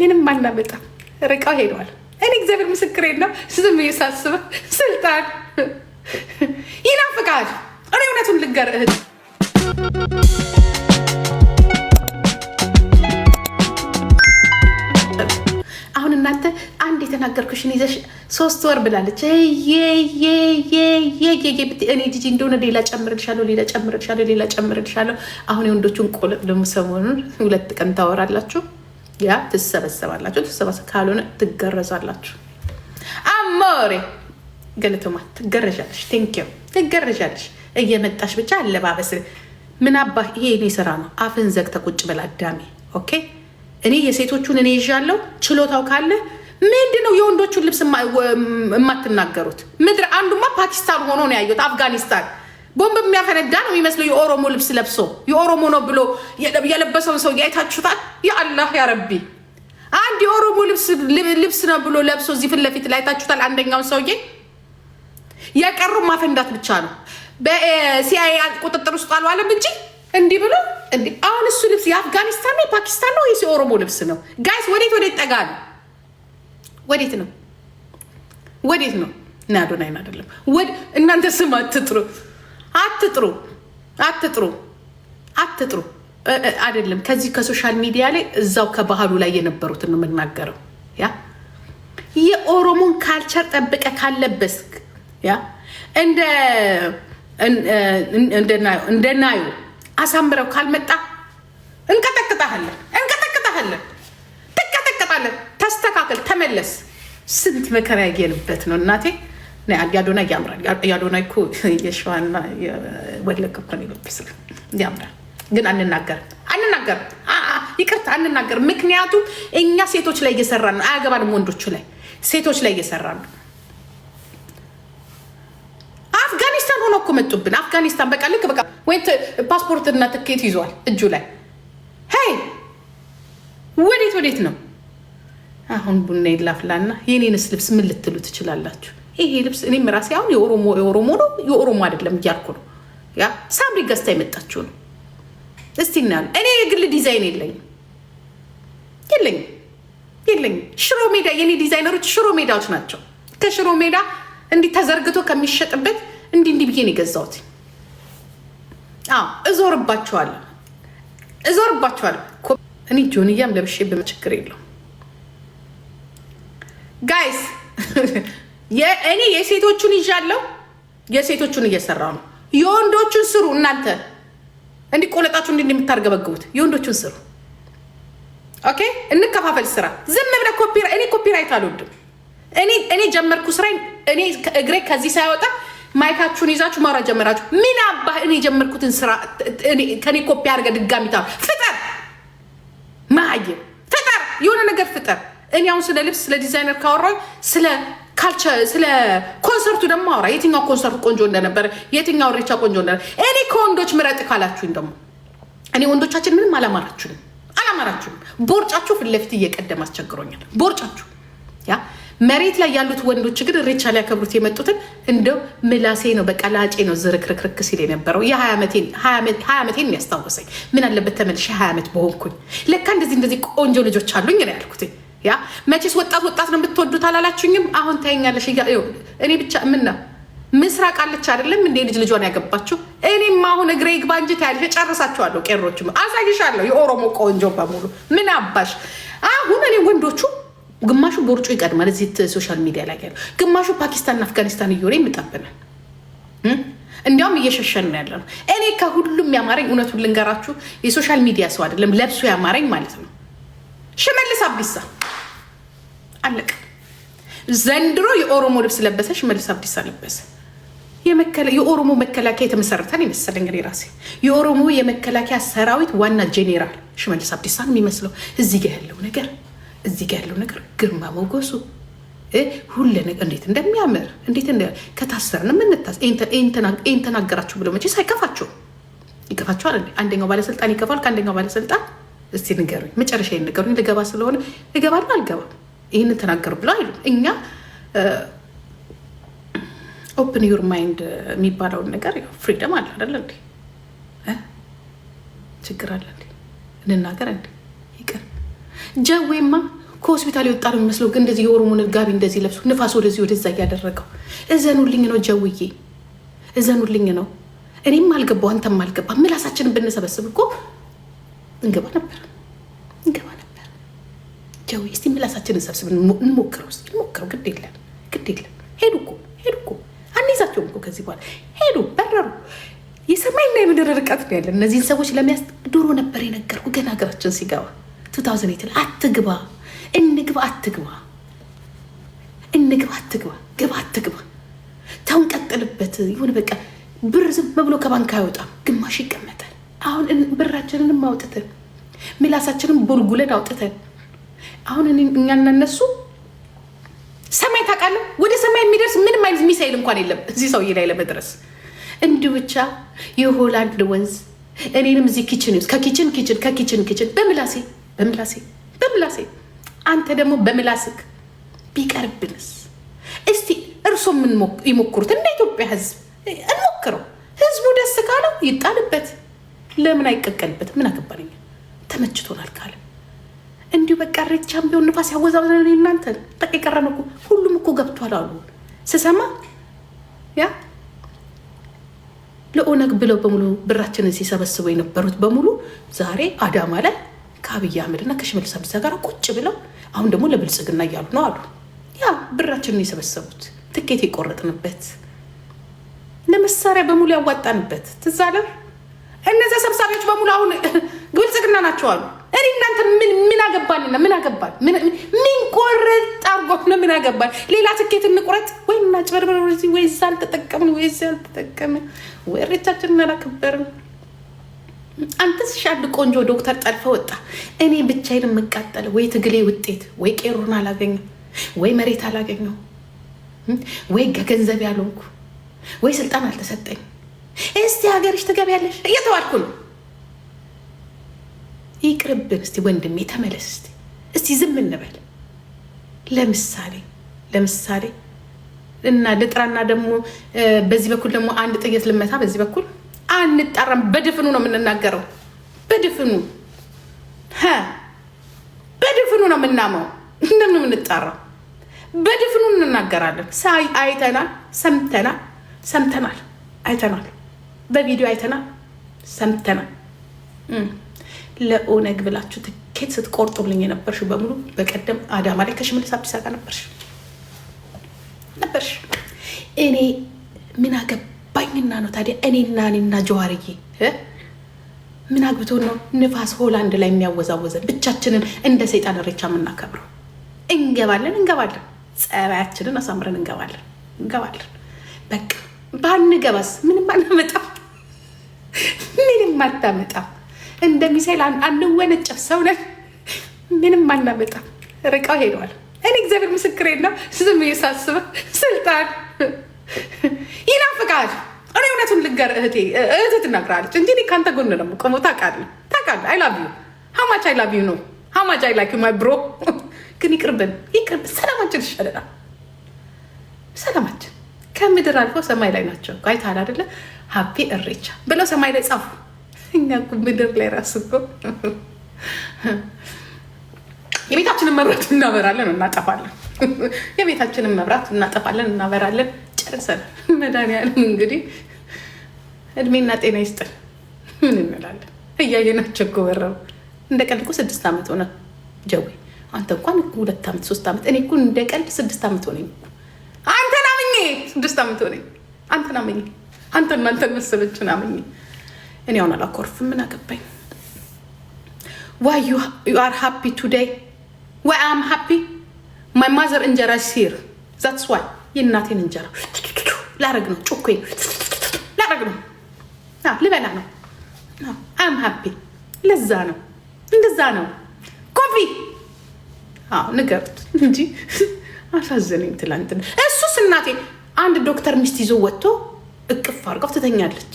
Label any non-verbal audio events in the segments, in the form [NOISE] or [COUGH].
ምንም አናመጣም። ርቀው ሄደዋል። እኔ እግዚአብሔር ምስክር የለው ዝም እየሳስበው ስልጣን ይናፍቃል። እኔ እውነቱን ልገር እህት አሁን እናንተ አንድ የተናገርኩሽን ይዘሽ ሶስት ወር ብላለች። እኔ ጂጂ እንደሆነ ሌላ ጨምርልሻለሁ፣ ሌላ ጨምርልሻለሁ፣ ሌላ ጨምርልሻለሁ። አሁን የወንዶቹን ቆለጥ ደግሞ ሰሞኑን ሁለት ቀን ታወራላችሁ። ያ ትሰበሰባላችሁ። ትሰበሰብ ካልሆነ ትገረዛላችሁ። አሞሬ ገለቶማ ትገረዣለሽ። ቴንኪው ትገረዣለሽ። እየመጣሽ ብቻ አለባበስ ምን አባ ይሄ እኔ ስራ ነው። አፍን ዘግተ ቁጭ በል አዳሜ። ኦኬ እኔ የሴቶቹን እኔ ይዣለሁ። ችሎታው ካለ ምንድን ነው የወንዶቹን ልብስ የማትናገሩት? ምድር አንዱማ ፓኪስታን ሆኖ ነው ያየሁት አፍጋኒስታን ቦምብ የሚያፈነዳ ነው የሚመስለው። የኦሮሞ ልብስ ለብሶ የኦሮሞ ነው ብሎ የለበሰውን ሰው አይታችሁታል? የአላህ ያረቢ አንድ የኦሮሞ ልብስ ነው ብሎ ለብሶ እዚህ ፊት ለፊት ላይ አንደኛውን ሰውዬ የቀሩ ማፈንዳት ብቻ ነው። በሲአይኤ ቁጥጥር ውስጥ አልዋለም እንጂ እንዲህ ብሎ አሁን እሱ ልብስ የአፍጋኒስታን ነው የፓኪስታን ነው ወይስ የኦሮሞ ልብስ ነው? ጋይስ ወዴት ወዴት ጠጋ ነው? ወዴት ነው ወዴት ነው? እና አዶናይን አይደለም እናንተ ስም አትጥሩ። አትጥሩ አትጥሩ አትጥሩ አይደለም። ከዚህ ከሶሻል ሚዲያ ላይ እዛው ከባህሉ ላይ የነበሩትን ነው የምናገረው። ያ የኦሮሞን ካልቸር ጠብቀ ካለበስክ ያ እንደ እንደናዩ አሳምረው ካልመጣ እንቀጠቅጣለን እንቀጠቅጣለን ትቀጠቅጣለን። ተስተካከል፣ ተመለስ። ስንት መከራ ያየንበት ነው እናቴ። ያዶና ያምራል። ያዶና እኮ የሸዋና ወለቅ እኮ ነው የለበስን ያምራል። ግን አንናገርም፣ አንናገርም፣ ይቅርታ አንናገርም። ምክንያቱም እኛ ሴቶች ላይ እየሰራ ነው። አያገባንም። ወንዶቹ ላይ ሴቶች ላይ እየሰራ ነው። አፍጋኒስታን ሆኖ እኮ መጡብን። አፍጋኒስታን በቃ ልክ በቃ ወይ ፓስፖርትና ትኬት ይዟል እጁ ላይ ሄይ፣ ወዴት ወዴት ነው አሁን? ቡና ይላፍላና የኔንስ ልብስ ምን ልትሉ ትችላላችሁ? ይሄ ልብስ እኔም ራሴ አሁን የኦሮሞ የኦሮሞ ነው የኦሮሞ አይደለም እያልኩ ነው። ያ ሳምሪ ገዝታ የመጣችው ነው። እስቲ እናያለን። እኔ የግል ዲዛይን የለኝም የለኝም የለኝም። ሽሮ ሜዳ የኔ ዲዛይነሮች ሽሮ ሜዳዎች ናቸው። ከሽሮ ሜዳ እንዲህ ተዘርግቶ ከሚሸጥበት እንዲህ እንዲህ ብዬ የገዛሁት። አዎ እዞርባቸዋለሁ እዞርባቸዋለሁ። እኔ ጆንያም ለብሼ ችግር የለውም ጋይስ እኔ የሴቶቹን ይዣለሁ። የሴቶቹን እየሰራው ነው። የወንዶቹን ስሩ እናንተ እንዲህ ቆለጣችሁ እንዲህ የምታርገበግቡት የወንዶቹን ስሩ። ኦኬ እንከፋፈል ስራ። ዝም ብለህ እኔ ኮፒራይት አልወድም። እኔ ጀመርኩ ስራ እኔ እግሬ ከዚህ ሳይወጣ ማይካችሁን ይዛችሁ ማውራት ጀመራችሁ። ምን አባ እኔ የጀመርኩትን ስራ ከኔ ኮፒ አድርገህ ድጋሚ ታ ፍጠር፣ መሀይም ፍጠር፣ የሆነ ነገር ፍጠር። እኔ አሁን ስለ ልብስ ስለ ዲዛይነር ካወራ ስለ ካልቸር ስለ ኮንሰርቱ ደግሞ አውራ። የትኛው ኮንሰርት ቆንጆ እንደነበረ፣ የትኛው ሬቻ ቆንጆ እንደነበረ። እኔ ከወንዶች ምረጥ ካላችሁኝ ደግሞ እኔ ወንዶቻችን ምንም አላማራችሁም፣ አላማራችሁም። ቦርጫችሁ ፊት ለፊት እየቀደም አስቸግሮኛል። ቦርጫችሁ ያ መሬት ላይ ያሉት ወንዶች ግን ሬቻ ሊያከብሩት የመጡትን እንደው ምላሴ ነው በቀላጬ ነው ዝርክርክርክ ሲል የነበረው የሀያ ዓመቴን ያስታወሰኝ። ምን አለበት ተመልሼ ሀያ ዓመት በሆንኩኝ። ለካ እንደዚህ እንደዚህ ቆንጆ ልጆች አሉኝ ነው ያልኩትኝ። ያ መቼስ ወጣት ወጣት ነው የምትወዱት አላላችሁኝም? አሁን ታይኛለሽ። እኔ ብቻ ምና ምስራቅ አለች አይደለም እንዴ ልጅ ልጇን ያገባችሁ። እኔም አሁን እግሬ ይግባ እንጂ ታያለሽ። እጨርሳችኋለሁ። ቄሮች አሳይሻለሁ። የኦሮሞ ቆንጆ በሙሉ ምን አባሽ አሁን እኔ ወንዶቹ ግማሹ ቦርጩ ይቀድማል። እዚህ ሶሻል ሚዲያ ላይ ያለ ግማሹ ፓኪስታንና አፍጋኒስታን እየወረ የሚጠብናል። እንዲያውም እየሸሸን ነው ያለ ነው። እኔ ከሁሉም ያማረኝ እውነቱን ልንገራችሁ፣ የሶሻል ሚዲያ ሰው አይደለም ለብሶ ያማረኝ ማለት ነው ሽመልስ አብዲሳ አለቅ። ዘንድሮ የኦሮሞ ልብስ ለበሰሽ፣ መልስ አብዲስ አለበሰ። የኦሮሞ መከላከያ የተመሰረታል ይመስል እንግዲህ ራሴ የኦሮሞ የመከላከያ ሰራዊት ዋና ጄኔራል ሽመልስ አብዲሳ ነው የሚመስለው። እዚህ ጋ ያለው ነገር እዚህ ጋ ያለው ነገር ግርማ ሞገሱ ሁለ ነገር እንዴት እንደሚያምር እንዴት ከታሰርን ምንታስ ይህን ተናገራችሁ ብሎ መቼስ አይከፋችሁ ይከፋችኋል። አንደኛው ባለስልጣን ይከፋል ከአንደኛው ባለስልጣን። እስቲ ንገሩኝ፣ መጨረሻ ንገሩኝ። ልገባ ስለሆነ ልገባ ነው አልገባም ይህንን ተናገር ብለው አይሉም። እኛ ኦፕን ዩር ማይንድ የሚባለውን ነገር ፍሪደም አለ አይደል እንዲ ችግር አለ እንዲ እንናገር እንዲ ይቅር ጀዌማ ከሆስፒታል የወጣ ነው የሚመስለው። እንደዚህ የኦሮሞ ጋቢ እንደዚህ ለብሶ ንፋስ ወደዚህ ወደዛ እያደረገው እዘኑልኝ ነው ጀውዬ፣ እዘኑልኝ ነው። እኔም አልገባው አንተም አልገባ። ምላሳችንን ብንሰበስብ እኮ እንገባ ነበር እንገባ ጃ እስቲ ምላሳችንን ሰብስብ እንሞክረው እንሞክረው። ግድ የለን ግድ የለን። ሄዱ እኮ ሄዱ እኮ አንይዛቸውም እኮ ከዚህ በኋላ ሄዱ፣ በረሩ። የሰማይና የምድር ርቀት ነው ያለን እነዚህን ሰዎች ለሚያስ ድሮ ነበር የነገርኩ ገና ሀገራችን ሲገባ ቱ ታውዘንድ ኤይት አትግባ፣ እንግባ፣ አትግባ፣ እንግባ፣ አትግባ፣ ግባ፣ አትግባ። ተውን ቀጥልበት። ይሁን በቃ ብር ዝም ብሎ ከባንክ አይወጣም፣ ግማሽ ይቀመጣል። አሁን ብራችንንም አውጥተን ምላሳችንን ቦልጉለን አውጥተን አሁን እኛ እናነሱ ሰማይ ታውቃለህ፣ ወደ ሰማይ የሚደርስ ምንም አይነት ሚሳይል እንኳን የለም እዚህ ሰውዬ ላይ ለመድረስ። እንዲሁ ብቻ የሆላንድ ወንዝ እኔንም እዚህ ኪችን ውስጥ ከኪችን ኪችን ከኪችን ኪችን በምላሴ በምላሴ በምላሴ አንተ ደግሞ በምላስክ ቢቀርብንስ? እስቲ እርሶ ምን ይሞክሩት? እንደ ኢትዮጵያ ህዝብ እንሞክረው። ህዝቡ ደስ ካለው ይጣልበት፣ ለምን አይቀቀልበት ምን አገባኝ ተመችቶናል ካለ እንዲሁ በቃ ሬቻም ቢሆን ንፋስ ያወዛወዘ እናንተ በቃ የቀረን እኮ ሁሉም እኮ ገብቷል አሉ ስሰማ ያ ለኦነግ ብለው በሙሉ ብራችንን ሲሰበስቡ የነበሩት በሙሉ ዛሬ አዳማ ላይ ከአብይ አህመድና ከሽመልስ አብዲሳ ጋር ቁጭ ብለው አሁን ደግሞ ለብልጽግና እያሉ ነው አሉ። ያ ብራችንን የሰበሰቡት ትኬት የቆረጥንበት ለመሳሪያ በሙሉ ያዋጣንበት ትዛለም አለ። እነዚያ ሰብሳቢዎች በሙሉ አሁን ብልጽግና ናቸው አሉ። እኔ እናንተ ምን ምን አገባንና ምን አገባን? ምን ቆረጥ አርጎት ነው ምን አገባን? ሌላ ትኬት እንቁረጥ ወይ እናጭበርበር ወይ እዛ አልተጠቀምን ወይ እዛ አልተጠቀምን ወይ እሬቻችን እናላከበርን። አንተ ሻድ ቆንጆ ዶክተር ጠልፈ ወጣ። እኔ ብቻዬን የምቃጠል ወይ ትግሌ ውጤት ወይ ቄሩን አላገኘው ወይ መሬት አላገኘው ወይ ከገንዘብ ያልሆንኩ ወይ ስልጣን አልተሰጠኝ። እስቲ ሀገርሽ ትገቢያለሽ እየተባልኩ ነው ይቅርብን። እስቲ ወንድሜ ተመለስ። እስቲ እስቲ ዝም እንበል። ለምሳሌ ለምሳሌ እና ልጥራና ደግሞ በዚህ በኩል ደግሞ አንድ ጥይት ልመታ። በዚህ በኩል አንጣራም። በድፍኑ ነው የምንናገረው። በድፍኑ በድፍኑ ነው የምናመው። እንደምን የምንጣራው? በድፍኑ እንናገራለን። ሳይ አይተናል፣ ሰምተናል፣ ሰምተናል፣ አይተናል፣ በቪዲዮ አይተናል፣ ሰምተናል ለኦነግ ብላችሁ ትኬት ስትቆርጡልኝ የነበርሽ በሙሉ በቀደም አዳማ ላይ ከሽመልስ አብዲሳ ጋር ነበርሽ ነበርሽ። እኔ ምን አገባኝና ነው ታዲያ? እኔና እኔና ጀዋርዬ ምን አግብቶ ነው ንፋስ ሆላንድ ላይ የሚያወዛወዘን? ብቻችንን እንደ ሰይጣን ሬቻ የምናከብረው እንገባለን እንገባለን፣ ጸባያችንን አሳምረን እንገባለን እንገባለን። በቃ ባንገባስ ምንም አናመጣም፣ ምንም አታመጣም። እንደ ሚሳይል አንወነጨፍ ሰው ነን። ምንም አናመጣም። ርቀው ሄደዋል። እኔ እግዚአብሔር ምስክሬ ነው። ዝም ሳስበው ስልጣን ይናፍቃል። እኔ እውነቱን ልገር እህቴ እህት ትናግራለች እንጂ ከአንተ ጎን ነው የምቆመው። ታውቃለህ፣ ታውቃለህ። አይ ላቭ ዩ ሀማች አይ ላቭ ዩ ነው ሀማች አይ ላይክ ዩ ማይ ብሮ። ግን ይቅርብን፣ ይቅርብ። ሰላማችን ይሻለናል። ሰላማችን ከምድር አልፎ ሰማይ ላይ ናቸው። አይተሃል አደለ ሀፒ እሬቻ ብለው ሰማይ ላይ ጻፉ። እኛ እኮ ምድር ላይ ራሱ እኮ የቤታችንን መብራት እናበራለን እናጠፋለን። የቤታችንን መብራት እናጠፋለን እናበራለን። ጨርሰን መድኃኒዓለም እንግዲህ እድሜና ጤና ይስጥን። ምን እንላለን? እያየናቸው እኮ በረሩ። እንደ ቀልድ እኮ ስድስት ዓመት ሆነ ጀዌ አንተ እንኳን ሁለት ዓመት ሶስት ዓመት እኔ እኮ እንደ ቀልድ ስድስት ዓመት ሆነኝ። አንተን አምኜ ስድስት ዓመት ሆነኝ። አንተን አምኜ አንተን እናንተን መሰለችን አምኜ እኔ አሁን አላኮርፍም። ምን አገባኝ? ዋይ ዩ አር ሃፒ ቱዴይ ዋይ አም ሃፒ ማይ ማዘር እንጀራ ሲር ዛትስ ዋይ የእናቴን እንጀራ ላረግ ነው፣ ጮኬ ላረግ ነው፣ ልበላ ነው። አም ሃፒ ለዛ ነው፣ እንደዛ ነው። ኮፊ ንገሩት እንጂ አሳዘነኝ። ትላንት እሱስ እናቴ አንድ ዶክተር ሚስት ይዞ ወጥቶ እቅፍ አድርጋው ትተኛለች።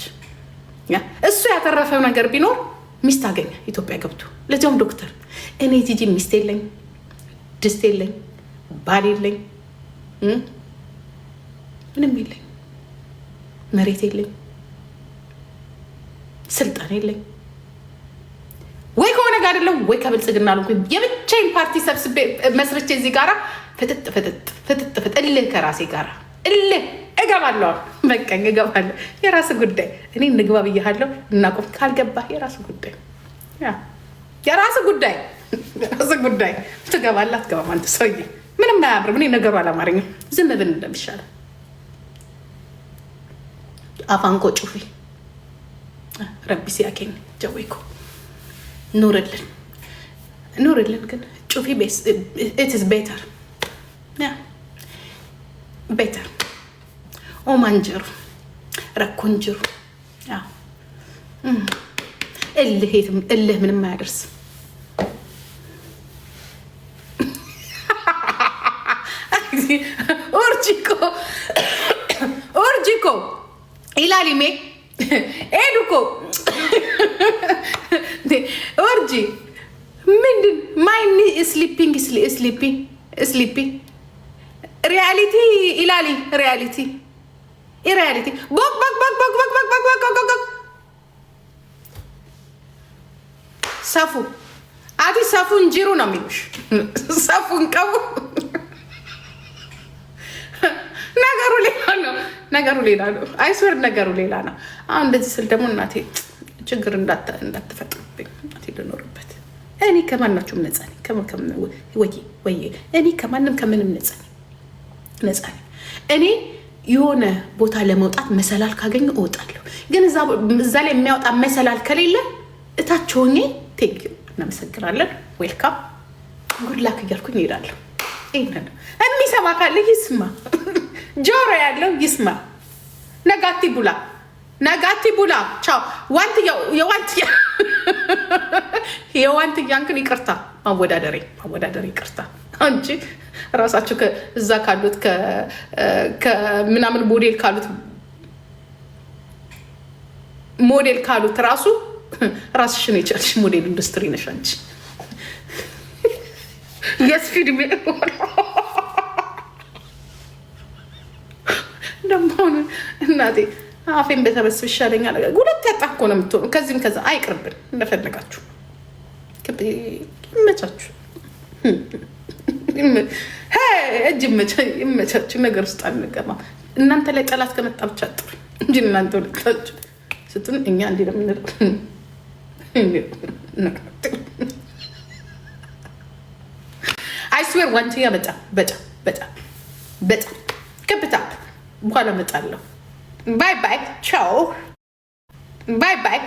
እሱ ያተረፈው ነገር ቢኖር ሚስት አገኘ ኢትዮጵያ ገብቶ፣ ለዚያውም ዶክተር። እኔ ጂጂ ሚስት የለኝ፣ ድስት የለኝ፣ ባል የለኝ፣ ምንም የለኝ፣ መሬት የለኝ፣ ስልጣን የለኝ። ወይ ከሆነ ጋር አይደለም ወይ ከብልጽግና አሉ። የብቻዬን ፓርቲ ሰብስቤ መስርቼ እዚህ ጋራ ፍጥጥ ፍጥጥ ፍጥጥ ፍጥጥ እልህ ከራሴ ጋራ እልህ እገባለሁ። በቃ እገባለሁ። የራስ ጉዳይ እኔ እንግባ ብያለሁ። እናቆም ካልገባህ የራስ ጉዳይ የራስ ጉዳይ የራስ ጉዳይ ትገባለህ አትገባም። አንተ ሰውዬ ምንም አያምርም። እኔ ነገሩ አላማረኝም። ዝም ብን እንደሚሻለ አፋንቆ ጩፊ ረቢ ሲያኬን ጀወይኮ ኑርልን ኑርልን ግን ጩፊ ቤተር ቤተር ኦማንጀሩ jiru rakkoon jiru እልህ ምንም አያደርስም። [LAUGHS] ኦርጂኮ ኦርጂኮ ኢላሊሜ ኤዱኮ [LAUGHS] ኦርጂ ምንድን ማይኒ ስሊፒንግ ስሊፒ ሪያሊቲ ኢላሊ ሪያሊቲ I reality. Bok, bok, bok, bok, bok, bok, bok, bok, bok, bok. ሰፉ አቲ ሰፉ እንጂሩ ነው የሚሉሽ። ሰፉን ቀቡ ነገሩ ሌላ ነው። ነገሩ ሌላ ነው። አይስወር ነገሩ ሌላ ነው። አሁን እንደዚህ ስል ደግሞ እናቴ ችግር እንዳትፈጥርብኝ እናቴ ልኖርበት። እኔ ከማናችሁም ነፃ ነኝ። ከምን እኔ ከማንም ከምንም ነፃ ነፃ ነኝ እኔ የሆነ ቦታ ለመውጣት መሰላል ካገኘ እወጣለሁ። ግን እዛ ላይ የሚያወጣ መሰላል ከሌለ እታች ሆኜ ቴንክ ዩ እናመሰግናለን፣ ዌልካም ጉድላክ እያልኩኝ እሄዳለሁ። ይህንን የሚሰማ ካለ ይስማ፣ [LAUGHS] ጆሮ ያለው ይስማ። ነጋቲ ቡላ ነጋቲ ቡላ ቻው። የዋንትያ እንክን [LAUGHS] ይቅርታ፣ ማወዳደሬ ማወዳደሬ ይቅርታ። አንቺ ራሳቸው እዛ ካሉት ምናምን ሞዴል ካሉት ሞዴል ካሉት ራሱ ራስሽ ነው የቻልሽ ሞዴል ኢንዱስትሪ ነሽ አንቺ። የስፊድ ሜ ደግሞ እናቴ አፌን በተበስብ ይሻለኛል። ሁለት ያጣ እኮ ነው የምትሆኑ። ከዚህም ከዛ አይቅርብን እንደፈለጋችሁ ይመቻችሁ። እጅ ይመቻችሁ። ነገር ውስጥ አንገባም። እናንተ ላይ ጠላት ከመጣ ብቻ ጥሩ እንጂ እናንተ ሁለታችሁ ስትሆን እኛ እንዲ ለምንል አይስዌር ዋንትያ በጣም በጣም በጣም በጣም ከብታ በኋላ እመጣለሁ። ባይ ባይ ቻው። ባይ ባይ